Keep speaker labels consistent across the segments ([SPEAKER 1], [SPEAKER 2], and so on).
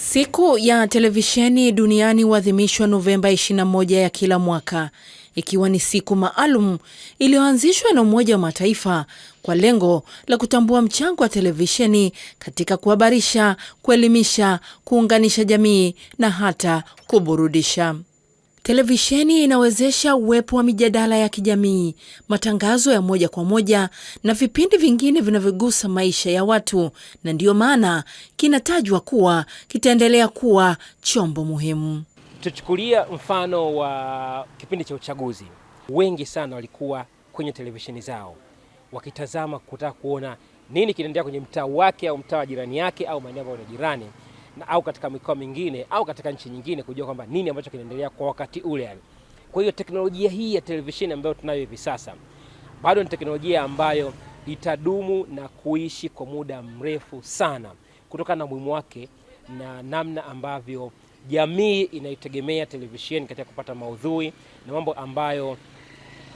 [SPEAKER 1] Siku ya televisheni duniani huadhimishwa Novemba 21 ya kila mwaka ikiwa ni siku maalum iliyoanzishwa na Umoja wa Mataifa kwa lengo la kutambua mchango wa televisheni katika kuhabarisha, kuelimisha, kuunganisha jamii na hata kuburudisha. Televisheni inawezesha uwepo wa mijadala ya kijamii, matangazo ya moja kwa moja na vipindi vingine vinavyogusa maisha ya watu, na ndiyo maana kinatajwa kuwa kitaendelea kuwa chombo muhimu.
[SPEAKER 2] Tuchukulia mfano wa kipindi cha uchaguzi, wengi sana walikuwa kwenye televisheni zao wakitazama, kutaka kuona nini kinaendelea kwenye mtaa wake au mtaa wa jirani yake au maeneo ambayo ni jirani na au katika mikoa mingine au katika nchi nyingine kujua kwamba nini ambacho kinaendelea kwa wakati ule yani. Kwa hiyo teknolojia hii ya televisheni ambayo tunayo hivi sasa bado ni teknolojia ambayo itadumu na kuishi kwa muda mrefu sana kutokana na umuhimu wake na namna ambavyo jamii inaitegemea televisheni katika kupata maudhui na mambo ambayo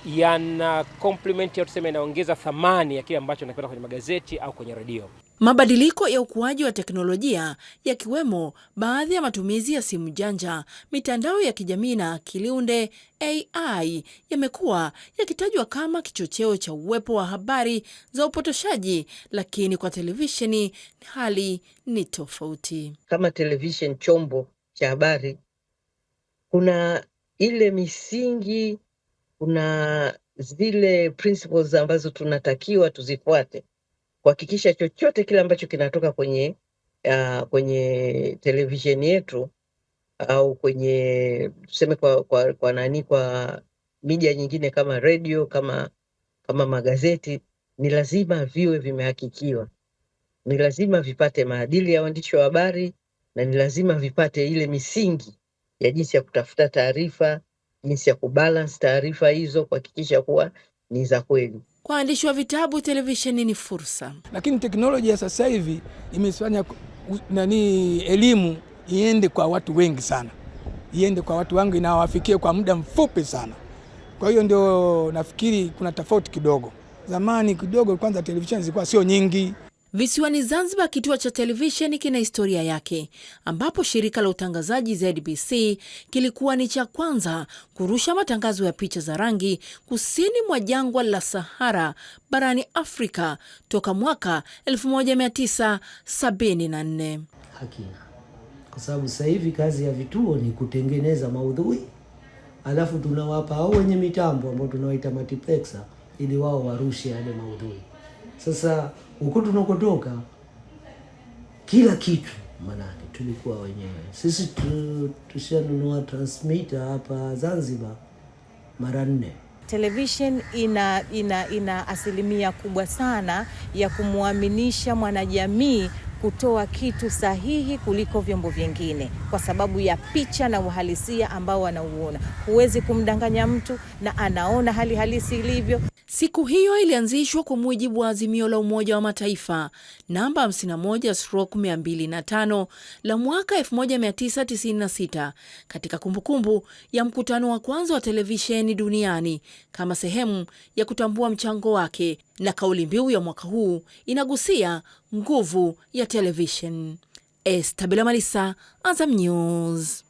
[SPEAKER 2] yana complement au tuseme yanaongeza thamani ya kile ambacho nakipata kwenye magazeti au kwenye redio.
[SPEAKER 1] Mabadiliko ya ukuaji wa teknolojia yakiwemo baadhi ya matumizi ya simu janja, mitandao ya kijamii na kiliunde AI yamekuwa yakitajwa kama kichocheo cha uwepo wa habari za upotoshaji, lakini kwa televisheni hali ni tofauti.
[SPEAKER 3] Kama televisheni chombo cha habari, kuna ile misingi, kuna zile principles ambazo tunatakiwa tuzifuate kuhakikisha chochote kile ambacho kinatoka kwenye uh, kwenye televisheni yetu au kwenye tuseme kwa, kwa, kwa nani kwa media nyingine kama redio kama, kama magazeti ni lazima viwe vimehakikiwa, ni lazima vipate maadili ya waandishi wa habari na ni lazima vipate ile misingi ya jinsi ya kutafuta taarifa, jinsi ya kubalance taarifa hizo kuhakikisha kuwa ni za kweli.
[SPEAKER 1] Kwa waandishi wa vitabu, televisheni ni fursa,
[SPEAKER 4] lakini teknolojia sasa hivi imefanya nani elimu iende kwa watu wengi sana, iende kwa watu wangu, inawafikie kwa muda mfupi sana. Kwa hiyo ndio nafikiri kuna tofauti kidogo. Zamani kidogo, kwanza televisheni zilikuwa sio nyingi,
[SPEAKER 1] Visiwani Zanzibar, kituo cha televisheni kina historia yake, ambapo shirika la utangazaji ZBC kilikuwa ni cha kwanza kurusha matangazo ya picha za rangi kusini mwa jangwa la Sahara barani Afrika toka mwaka 1974.
[SPEAKER 5] Hakina, kwa sababu sasa hivi kazi ya vituo ni kutengeneza maudhui, alafu tunawapa au wenye mitambo ambao tunawaita matiplexa, ili wao warushe yale maudhui sasa huko tunakotoka kila kitu manake tulikuwa wenyewe sisi. Tushanunua transmitter hapa Zanzibar mara nne.
[SPEAKER 6] Television ina, ina, ina asilimia kubwa sana ya kumwaminisha mwanajamii kutoa kitu sahihi kuliko vyombo vingine, kwa sababu ya picha na uhalisia ambao wanauona. Huwezi kumdanganya mtu, na anaona hali halisi ilivyo.
[SPEAKER 1] Siku hiyo ilianzishwa kwa mujibu wa azimio la Umoja wa Mataifa namba 51 205 la mwaka 1996 katika kumbukumbu ya mkutano wa kwanza wa televisheni duniani kama sehemu ya kutambua mchango wake, na kauli mbiu ya mwaka huu inagusia nguvu ya televisheni. Estabela Malisa, Azam News.